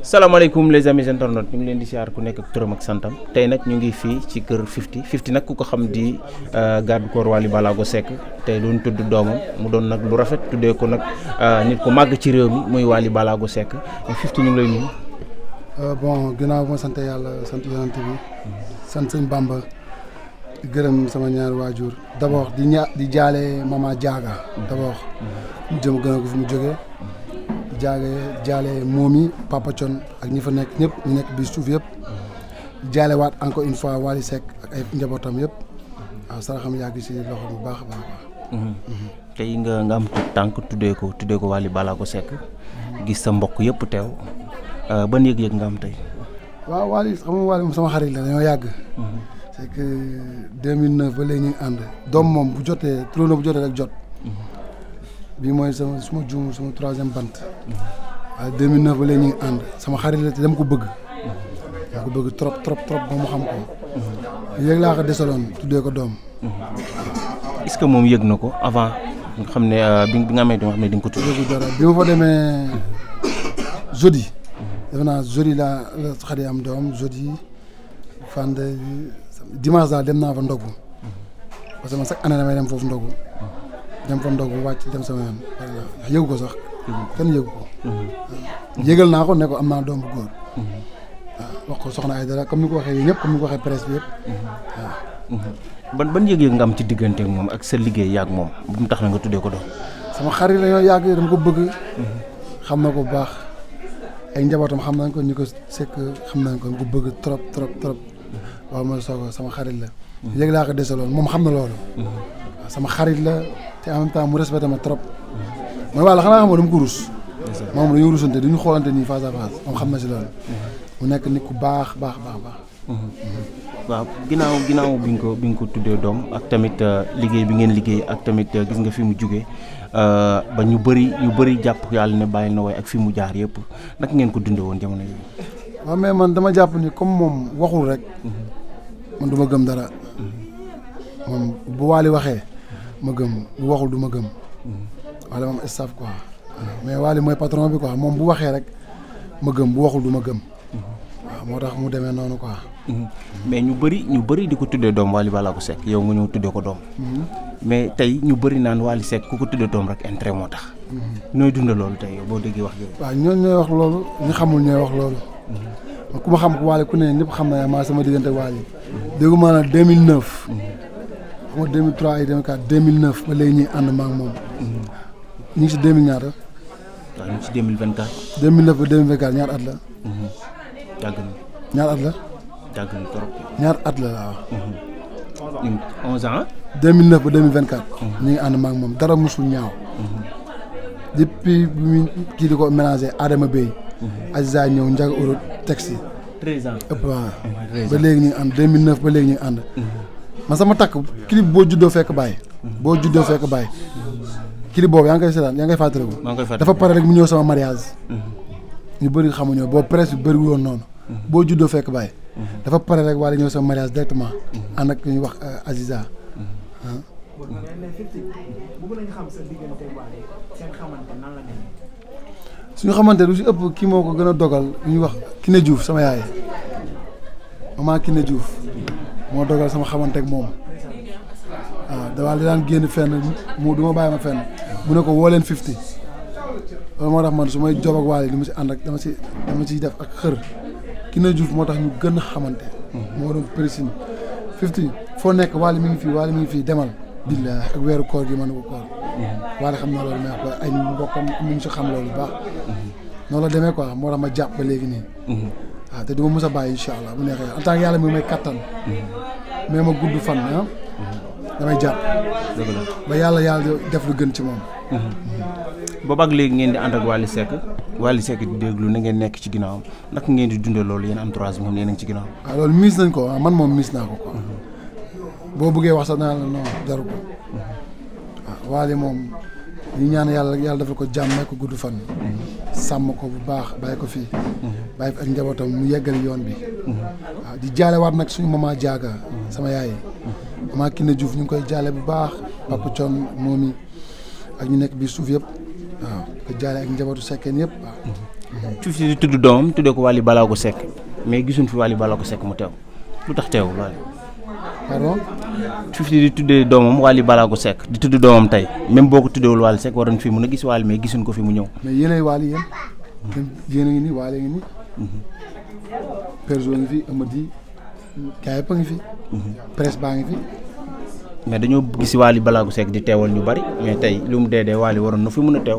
salaamaaleykum les amis internautes ñu ngi leen di siyaar ku nekk ak turam ak santam tey nag ñu ngi fii ci kër Fifty Fifty nag ku ko xam di euh, garde corps Wally Ballago sekk tey doon tudd doomam mu doon nag lu rafet tuddee ko nag euh, nit ku màgg ci réew mi muy Wally Ballago Seck Fifty ñu ngi lay nuyu. Euh, bon ginnaaw ma sant yàlla sant yonent bi sant sëñ Bamba gërëm sama ñaari waajur d'abord di ña di jaale mama Diaga d'abord mu jëm gën a ko fi mu jógee. jaale jaale moom yi Papa ak ñi fa nekk ñëpp ñu nekk bi suuf yëpp jaale waat encore une fois Wally Seck ak ay njabootam yëpp waaw saraxam yàgg si loxo bu baax a baax a baax. Mhm. nga nga tuddee ko tuddee ko Wally Ballago Seck gis sa mbokk yëpp teew euh, ban yëg-yëg nga am tey. waaw Wally xam nga sama xarit la dañoo yàgg. Mhm. c'est que 2009 ba ñu ànd doom moom bu jotee turandoo bu jotee rek jot. Mhm. bi mooy sama suma juum suma troisième bant waaye 2009 ba léegi ñu sama xarit la te dama ko bëgg dama ko bëgg trop trop trop ba mu xam ko léegi laa ko desaloon tuddee ko doom est ce que moom yëg na ko avant nga xam ne euh, bi nga amee dama xam ne di nga ko tudd dara bi ma fa demee jeudi defe naa jeudi laa la am doom jeudi fànn dimanche daal dem naa fa ndogu parce que man chaque année damay dem foofu ndogu dem fa ndog bu wàcc dem sama yoon yëgu ko sax mhm. kenn yëgu ko mhm. yëgal naa ko ne am naa doom bu góor mhm. waaw wax ko soxna ay dara comme ni ko waxee yéen ñëpp ko waxee presse bi yëpp waaw ban yëg nga am ci diggante moom ak sa liggéey yaag moom bu mu tax na nga tuddee ko doom sama xarit la ñoo yàgg dama ko bëgg xam na ko bu baax njabootam xam nañ ko ñu ko xam nañ ko ñu bëgg trop trop trop waaw mooy soog sama xarit la yëg laa ko desaloon moom xam na loolu sama xarit la te en même temps mu respecté ma trop mooy wàlla xanaa xamoo dama ko rus moom dañu rusante duñu xoolante nii face à face xam na si loolu mu nekk nit ku baax baax baax baax waaw ginnaaw ginnaaw bi nga ko bi nga ko tuddee doom ak tamit euh, liggéey bi ngeen liggéey ak tamit euh, gis nga fi mu jóge euh, ba ñu bëri ñu bari jàpp yàlla ne bàyyi na woy ak fi mu jaar yëpp naka ngeen ko dundee woon jamono yooyu. waaw mais man dama jàpp ni comme moom waxul rek. man du ma gëm dara. Mhm. moom bu waali waxee. ma gëm bu waxul du ma gëm. wala moom staff quoi. mais Waly mooy patron bi quoi moom bu waxee rek ma gëm bu waxul du ma gëm. waaw moo tax mu demee noonu quoi. mais ñu bëri ñu bëri di ko tuddee doom Waly ko sekk yow nga ñëw tuddee ko doom. mais tey ñu bëri naan Waly Seck ku ko tuddee doom rek intérêt moo tax. nooy dunda loolu tey boo déggee wax yooyu. waaw ñoo ñooy wax loolu ñu xamul ñooy wax loolu. ku ma xam Waly ku ne ñëpp xam na maa sama diggante Waly. déggu ma la 2009. ba 2003 ay 2004 2009 ba léegi ñuy ànd maak moom. ñu ngi si 2000 ñaata. waaw ñu ngi si ñaar at la. yàgg na. ñaar at la. yàgg na trop. ñaar at la waaw. ñu ngi 11 ans. 2009 maak moom dara musul ñaaw. depuis bi muy kii di ko ménager Adama Bey. Aziza ñëw Ndiaga Euro taxi. 13 ans ëpp waaw. ba léegi ñu ngi ànd 2009 ba léegi ñu ngi man sama takk clip boo juddoo fekk bàyyi. boo juddoo fekk bàyyi. clip boobu yaa ngi koy seetaan yaa ngi koy fàttaliku. dafa pare rek mu ñëw sama mariage. Mhm. ñu bari xamuñoo boo presse bi bëriwul woon noonu. Mhm. boo juddoo fekk bàyyi. Mhm. dafa pare rek wala ñëw sama mariage directement. ànd ak ñuy wax euh, Aziza. Ah. suñu xamante lu si ëpp kii moo ko gën a dogal ñuy wax Kiné juuf sama yaay maman Kiné Diouf. moo dogal sama xamante ak moom waaw ah, dawaa li daan génn fenn mu du ma bàyyi ma fenn mu ne ko woo leen fifty loolu moo tax man su may job ak waale li ma si ànd ak dama si dama siy def ak xër ki na juuf moo tax ñu gën a xamante mhm. moo doon foo nekk waale mi ngi fii waale mi ngi fii demal billaah ak weeru koor gi mën na ko koor mhm. waale xam na loolu may wax ba ay mbokkam mu ngi si xam loolu baax mhm. noonu la demee quoi moo tax ma jàpp ba léegi nii waaw te du ma a bàyyi incha allah bu neexee en tant yàlla mi may kattan. mais ma gudd fan ah. damay jàpp. ba yàlla yàlla def lu gën ci moom. boobu ak léegi ngeen di ànd ak Wally Seck Wally Seck di déglu na ngeen nekk ci ginnaaw naka ngeen di dundee loolu yéen entourage moom yéen a ngi ci ginnaawam. waaw ah, loolu miis nañ ko ah, man moom miis naa ko quoi. boo bëggee wax sax naa la non jaru ko. Ah, yi moom ñu ñaan yàlla yàlla defal ko jàmm ko gudd fan. sàmm ko bu baax bàyyi ko fii. bàyyi fi ak njabootam mu yeggal yoon bi. Mhm. waaw di jaalewaat nag suñu maman Diaga. sama yaay. Mhm. maman Kiné Diouf ñu ngi koy jaale bu baax. Papa Thion moom yi ak ñu nekk bi suuf yëpp waaw ko jaale ak njabootu sekkeen yëpp waaw. suuf mhm. si di tudd doomam tuddee ko Wally Ballago sekk mais gisuñ fi Wally Ballago Seck mu teew lu tax teew loolu. pardon. suuf si di tuddee doomam Wally Ballago di tudd doomam tey même boo ko tuddeewul Wally Seck waroon fii mun a gis Wally mais gisuñ ko fi mu ñëw. mais yéenay Wally yéen. yéen a ngi nii. perso ngi fi Amady gaay a ngi fi. presse baa ngi fi. mais dañoo gis balaa Ballago Seck di teewal ñu bari mais tey lu mu dee dee Wally waroon na fi mun a teew.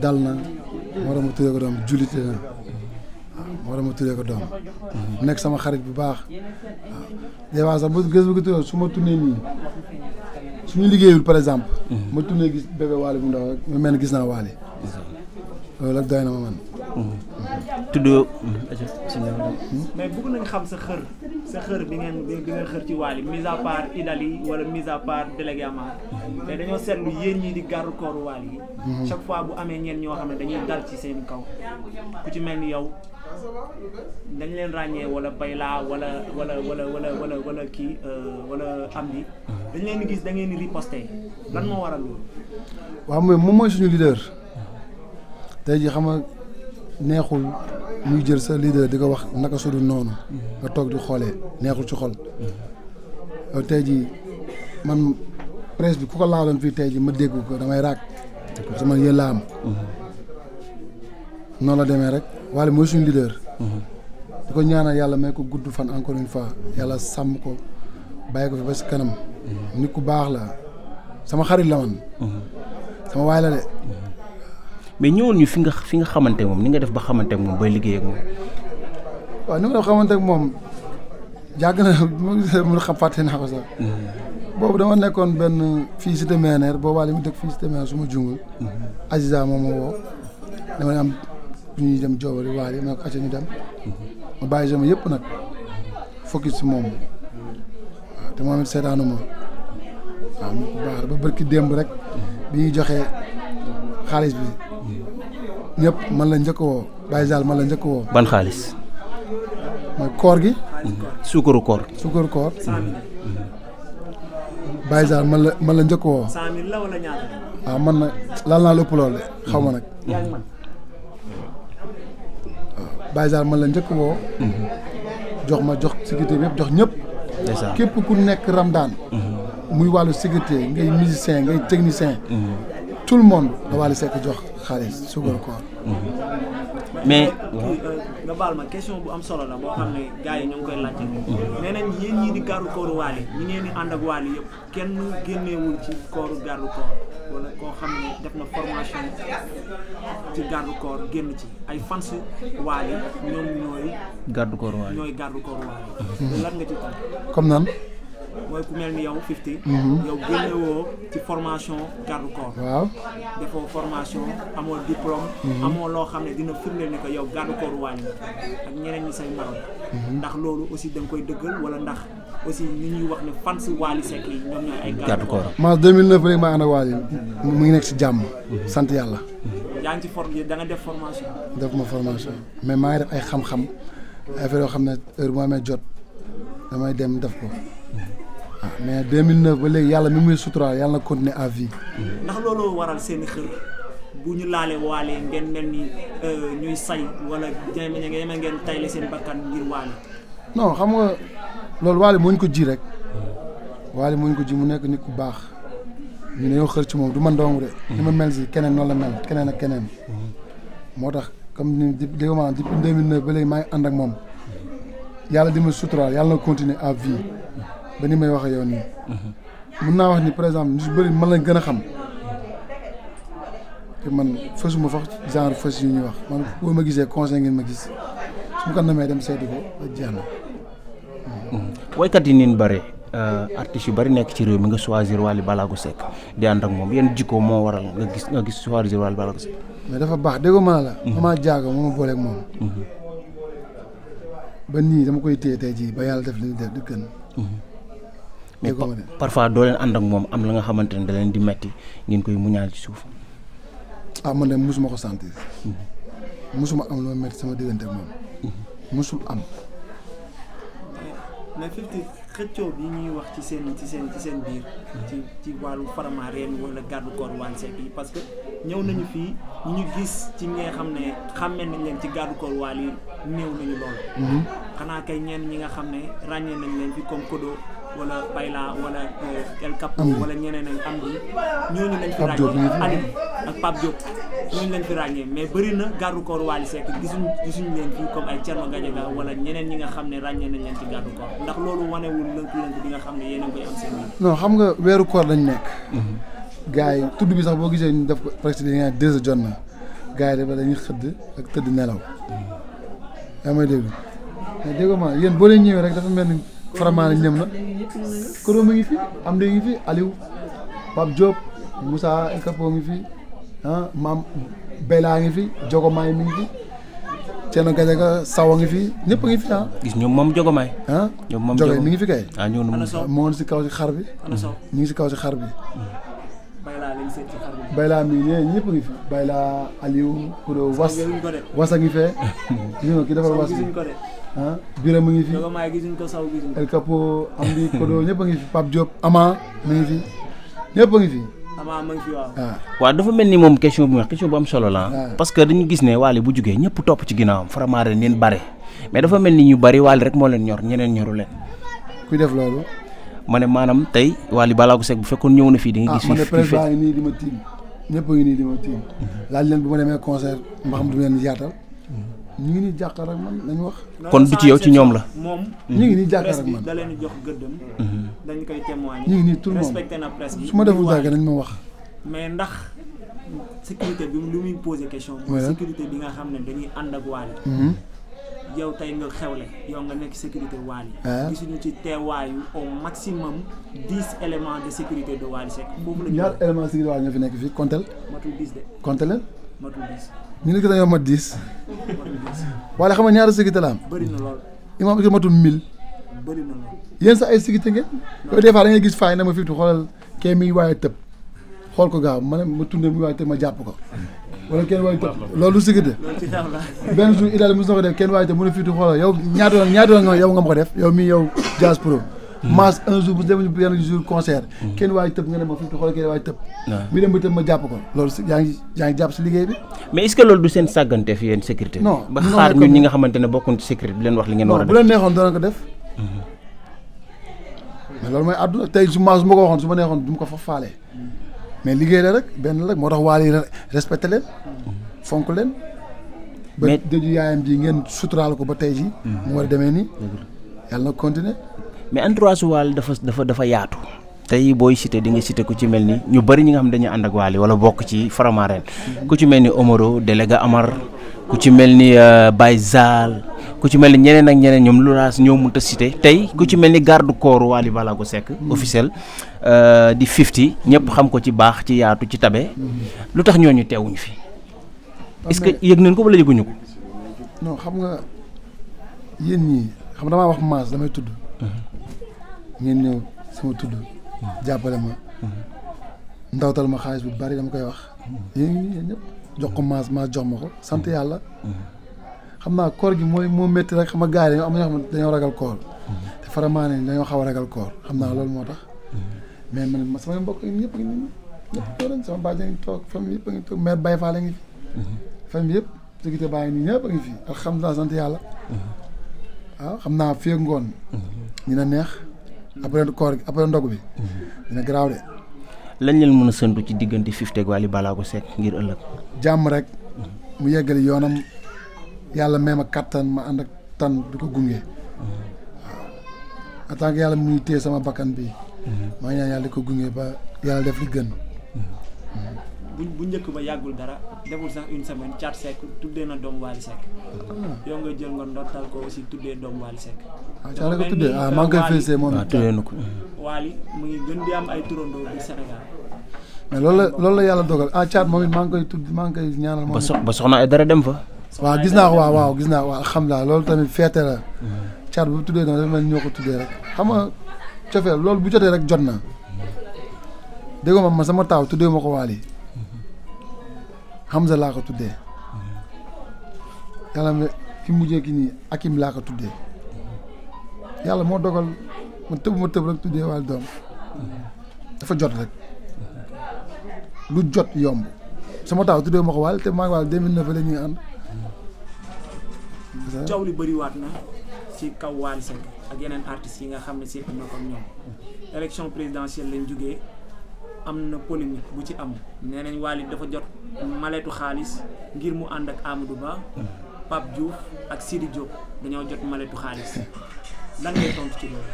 dal na moo tax ma tuddee ko doom jullit na waaw moo tax ma tuddee ko doom nekk sama xarit bu baax waaw des fois sax bu gës bu tuddee su ma tunnee nii suñu liggéeyul par exemple ma tunnee gis bébé waali bu ndaw rek mel ni gis naa waali loolu rek doy na ma man tudd hmm, sa xër bi ngeen bi nga xër ci Wally mise à part Idali wala mise à part délégué Amar mais dañoo seetlu yéen ñii di garde corps Wally yi mhm. chaque fois bu amee ñeen ñoo xam ne dañuy dal ci seen kaw ku ci mel ni yow dañ leen ràññee wala Bayla wala wala wala wala wala wala kii euh, wala Amdi dañ leen gis da ngeen di riposter lan moo waral loolu waaw mooy moom mooy suñu leader tey ji xam neexul ñuy jël sa leader di ko wax naka su noonu nga toog di xoolee neexul ci xol yow euh, tey jii man presse bi ku ko laaloon fii tey jii ma dégg ko damay raak parce que man noonu la demee rek wala mooy suñu leader di ko ñaanal yàlla may ko gudd fan encore une fois yàlla sàmm ko bàyyi ko fi ba si kanam nit ku baax la sama xarit la man sama waay la de mais ñëwoon ñu fi nga fi nga xamante moom ni nga def ba xamante moom bay liggéey ak moom. waaw ni ma la xamante ak moom yàgg na mu xam fàtte naa hmm. boobu dama nekkoon benn fii cité Meynaire boobaa li mu dëkk fii cité Meynaire su ma jungul. Hmm. Aziza moom moo woo dama am ku ñuy dem joobali waal yi ma ko acca ñu dem. Hmm. ma bàyyi sama yëpp nag focus si moom waaw te moom it seetaanu ma waaw ba bërki démb rek bi ñuy joxe xaalis bi. ñëpp man la njëkk woo Baye Zal man la njëkk woo ban xaalis mooy koor gi suukaru koor suukaru koor mm-hmm. Mm-hmm. Baye Zal man la man la njëkk woo waaw ah, man nag laal naa lépp loolu de xaw ma nag waaw mm-hmm. ah, Baye Zal la njëkk woo jox ma jox sécurité bi yëpp jox ñëpp képp ku nekk Ramadane muy wàllu sécurité ngay musicien ngay technicien tout le monde da Wally Seck jox xaalis suukar koor mais nga baal ma question bu am solo la boo xam ne gars yi ñu ngi koy laajte nee nañ yéen di gàrru kooru waali ñi ngeen di ànd ak waali yëpp kenn génneewul ci kooru gàrru koor wala koo xam ne def na formation ci gàrru koor génn ci ay fans waali ñoom ñooy gàrru koor ñooy gàrru koor waali mhm. lan nga ci comme nan mooy ku mel ni yow Fifty. Mhm. yow génne ci formation garde corps. waaw defoo formation amoo diplôme. Mhm. amoo loo xam ne dina firndeel ne que yow garde corps wàññi ak ñeneen ñi say maroon. Mhm. ndax loolu aussi da koy dëggal wala ndax aussi ni ñuy wax ne fan si Wally Seck yi ñoom ñooy ay garde corps. mars 2009 rek maa ànd ak Wally mu ngi nekk si jàmm. sant yàlla. yaa ngi ci for da def formation. def ma formation mais maa ngi def ay xam-xam yoo xam ne heure bu amee jot damay dem def ko. ah mais 2009 ba léegi yàlla mi muy suturaal yàlla na continuer à vie. ndax looloo waral seen xër bu ñu laalee waalee ngeen mel ni euh, ñuy say wala ñeme ngeen tayle seen bakkan ngir waale. non xam nga loolu waale moo ñu ko ji rek waale moo ñu ko ji mu nekk nit ku baax ñu ne yow xër ci moom du man dong de. ni ma mel si keneen noonu la mel keneen ak keneen. moo tax comme ni li ma di depuis 2009 ba léegi maa ngi ànd ak moom yàlla di ma suturaal yàlla na à vie. ba ni may wax yoon nii. mun naa wax ni par exemple ñu su bëri man la gën a xam te man fësuma fax genre fas yu ñuy wax man boo ma gisee conseil ngeen ma gis su kan ko may dem seeti ko ba jeex na. woykat yi niin bare euh, artistes yu bari nekk ci réew mi nga choisir balaa Ballago Seck di ànd ak moom yan jikko moo waral nga gis nga gis choisir Wally Ballago Seck. mais dafa baax déggoo ma la. maman mhm. Diago moo ma booleeg moom. Mhm. ba nii dama koy téye tey jii ba yàlla def li ñu def di mais parfois doo leen ànd ak moom am la nga xamante ne da di metti ngeen koy muñaal ci suuf. ah man de mosuma ko sentir. mosuma mhm. am lu ma metti sama diggante ak moom. mosul mhm. am. mais Fifty xëccoo bi ñuy wax ci seen ci seen ci seen biir. ci ci wàllu faramaareen wala garde corps Wally parce que ñëw nañu mhm. fii ñu ñu gis ci ñi xam ne xàmmee nañ leen ci garde corps Wally yi néew nañu lool. xanaa kay ñenn ñi nga xam ne ràññee nañ leen fi comme Kodo. wala Payla wala euh, El Cap wala ñeneen ak am ñooñu lañ fi ràññee Aliou ak Pape Diop ñooñu lañ mais bëri na gardu corps Wally Seck gisuñ gisuñ leen fii comme ay Thierno Gadiaga wala ñeneen ñi nga xam ne ràññee nañ leen ci gardu corps ndax loolu wanewul lënk-lënk bi nga xam ne yéen a koy am seen non xam nga weeru koor lañu nekk mhm. gars yi tudd bi sax boo gisee ñu def ko presque dañu naan deux heures jot na gars yi dafa dañuy xëdd ak tëdd nelaw mhm. yaa may dégg mais dégg ma yéen boo leen ñëwee rek dafa mel ni faramaane ñëm na Koro mu ngi fi am ngi fi Aliou Pape Diop Moussa Kapo ngi fi ah maam Bella ngi fi Jogomaay mi ngi fi Thierno saw Sawa ngi fi ñëpp ngi fi ah. gis ah, ñoom moom Jogomaay. ah Jogomaay mi ngi fi kay. ah ñoo ngi si kaw si xar bi. ñu ngi si kaw si xar bi. Bayla mi nee ñëpp ngi fi Bayla Aliou Koro was wasa ngi fee. ñu ngi kii dafa was bi. ah Birame mu ngi fi Jogamaay ko Sow gisuñ ko El Capo Amdi Kodo ñëpp a ngi fi Pape Diop Ama mu ngi fi ñëpp a ngi fi. Ama ah. dafa mel ni moom question bu wax question la ah. parce que dañu gis ne Wally bu jugee ñëpp topp ci ginnaawam vraiment ren leen bare mais dafa mel ni ñu bari Wally rek moo leen ñor ñeneen ñoru leen. kuy def ma ne maanaam tey Wally Ballago Seck bu fekkoon ñëw fii di nga gis. ah man nii di ma tiim ñëpp ngi nii di ma tiim laaj leen bu ma demee concert ma xam du ma leen yaatal. ñu ngi nii jàkkaar ak man nañ wax. kon du ci yow ci ñoom la. moom mm-hmm. ñu ngi nii jàkkaar ak man da leen jox gëddam. Mm-hmm. dañ koy témoigner. ñu ngi nii tout le na presse bi su ma deful jàkkaar nañ ma wax. mais ndax sécurité bi lu muy posé question. mooy sécurité bi nga xam ne dañuy ànd ak waale. Mm-hmm. yow tey nga xew xewle yow nga nekk sécurité Wally ah. gisuñu ci teewaayu au maximum dix éléments de sécurité de Wally Seck boobu la ñaar éléments de sécurité Wally ñoo fi nekk fii comptel matul dix de comptel leen matul ñu ne gis nañoo mat dix wala xam nga ñaari sécurité la am. bëri na lool imaam ki matul na lool yéen sax ay sécurité ngeen. loolu des fois da ngay gis na ma fii xoolal kee mi waaye tëb xool ko gaaw ma tunde mi waaye tëb ma jàpp ko. wala kenn waaye tëb loolu du sécurité. benn jour Idda mos na ko def kenn waaye tëb mu ne fii xoolal yow ñaata yoon ñaata yoon yow nga ma ko def yow mii yow Diaz Pro. maas un jour bu demee benn jour concert. kenn waay tëb nga ne ma fi xool kenn waay tëb. waaw mi dem ba tëb ma jàpp ko loolu si yaa ngi jàpp si liggéey bi. mais est que loolu du seen sàggante fi yéen sécurité. non ba xaar ñun ñi nga xamante ne bokkuñ ci sécurité bi a def. mais loolu mooy àdduna tey su ma su ma ko waxoon su ma neexoon du ma ko fa faalee mais liggéey la rek benn rek moo tax waa lii respecté leen fonk leen. mais ba dëju yaayam ji ngeen suturaal ko ba tey ji mm. mu war a demee nii yàlla na continuer mais entourage Wally dafa dafa dafa yaatu tey booy cité di nga cité ku ci mel ni ñu bari ñu nga xam dañuy ànd ak Wally wala bokk ci Faramaren ku ci mel ni omoro délégué Amar ku ci mel ni euh, Baye Zal ku ci mel ni ñeneen ak ñeneen ñoom Louraas ñoo mënut a cité tey ku ci mel ni garde corps Wally Ballago Seck mm-hmm. officiel euh, di fifty ñëpp xam ko ci baax ci yaatu ci tabe mm-hmm. lu tax ñooñu teewuñu fi est-ce que yëg nañ ko wala yëguñu ko. non xam nga xam damaa wax maas damay tudd. ngeen ñëw sama tudd. Hmm. jàppale ma. Hmm. ndawtal ma xaalis bu bari dama koy wax. Hmm. yéen jox ko maas maas jox ma ko sant yàlla. xam naa koor gi mooy moo métti rek xam nga gars yi dañoo am ñoo xam dañoo ragal koor. te vraiment ne xaw ragal koor xam naa loolu moo tax. mais man sama mbokk yi nañ sama bàjj a ngi toog yëpp a fi. baa ngi nii ñëpp a ngi fi alhamdulilah sant yàlla. waaw xam naa fii ak ngoon. dina neex. après koor gi après ndog bi. Mhm. dina garaaw de. lañ leen mën a sëntu ci diggante Fifty ak Wally Ballago set ngir ëllëg. jàmm rek. Mhm. mu yeggali yoonam yàlla may ma kattan ma ànd ak tan du ko gunge. Mhm. waaw en tant que yàlla muy téye sama bakkan bi maa ñaan yàlla di ko gunge ba yàlla def li gën. bu bu njëkk ba yàggul dara deful sax une semaine Thiat Seck tuddee na doomu Waly Seck. Hmm. yow nga jël nga ndortal ko aussi tuddee ah, tuddee ah maa ngi koy moom ah, mu ngi gën di am ay turandoo bi la loolu la yàlla dogal ah Thiat moom it maa ngi koy tudd maa ngi koy ñaanal. moom it ba soxna ay dara dem fa. waaw gis naa ko waaw waaw gis naa ko waaw naa loolu tamit feete la. Thiat bu tuddee noonu dafa mel ñoo ko tuddee rek xam nga cofeel loolu bu jotee rek jot na déggoo ma sama taaw tuddee ma ko Waly Hamza laa ko tuddee yàlla ma fi mujjee ki laa ko tuddee yàlla moo dogal ma tëb ma tëb rek tuddee waal doom dafa jot rek lu jot yomb sama taaw tuddee ma ko waal te maa ngi waal 2009 la ñuy ànd. coow li bëriwaat na si kaw Wally Seck ak yeneen artistes yi nga xam ne seet na comme ñoom élection présidentielle lañ jugee. am na polémique bu ci am nee nañ Wally dafa jot maletu xaalis ngir mu ànd ak Amadou Ba Pape Diouf ak Sidi Diop dañoo jot maletu xaalis lan ngay tontu ci loolu.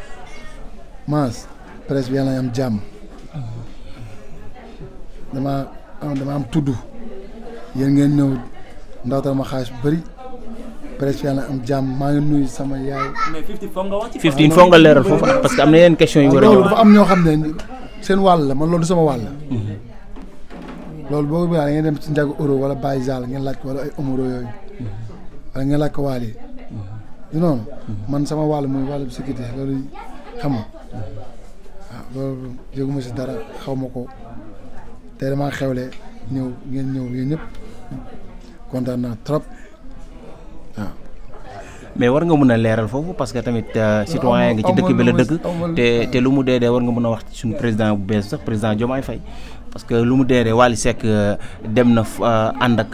Mass presse bi yàlla na am jàmm dama dama am tudd yéen ngeen naw ñëw ndawtal ma xaalis bu bëri presse yàlla na am jàmm maa ngi nuyu sama yaay. mais 50 nga wax ci. 50 foog nga leeral foofu parce que am na yeneen question yu war a ñëw dafa am ñoo xam ne. seen wàll la man loolu sama wàll. loolu boobu daal da dem ci njagu euro wala Baye Zall ngeen làkk ko wala ay omoro yooyu. wala ngeen laaj ko waal noonu. man sama wàll mooy wàllu sécurité loolu xam nga waaw loolu yëguma si dara xaw ma ko te damaa xewle ñëw ngeen ñëw yéen ñëpp kontaan trop waaw. mais war nga mun a leeral foofu parce que tamit euh, citoyen nga ci dëkk bi la dëkk te te lu mu dee dee war nga mën a wax suñu président bu bees sax président Diomaye fay parce que lu mu dee dee Wally Seck euh, dem na euh, ànd ak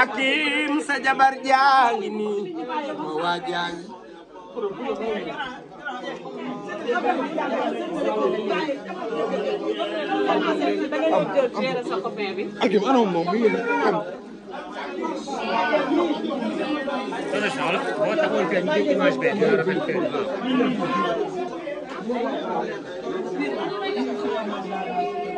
akim sa jabar jaa nii am am moom mi ngi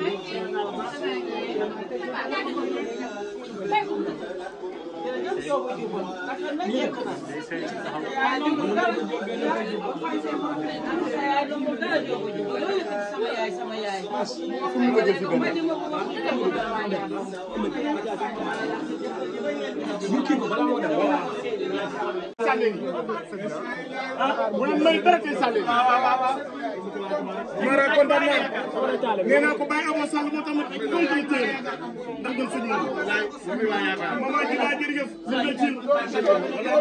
sama yaay sama yaay sànni ah bu leen may dara tey sànni. Mara kontaan naa nee naa ko bàyyi amoo sànni moo tax ma koy téye ndax ñun suñu mën. maman ji laa jërëjëf suñu ji. ah ñu toll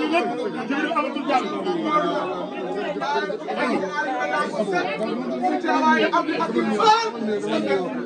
nii nag jërëjëf amatul jàmm. Thank you.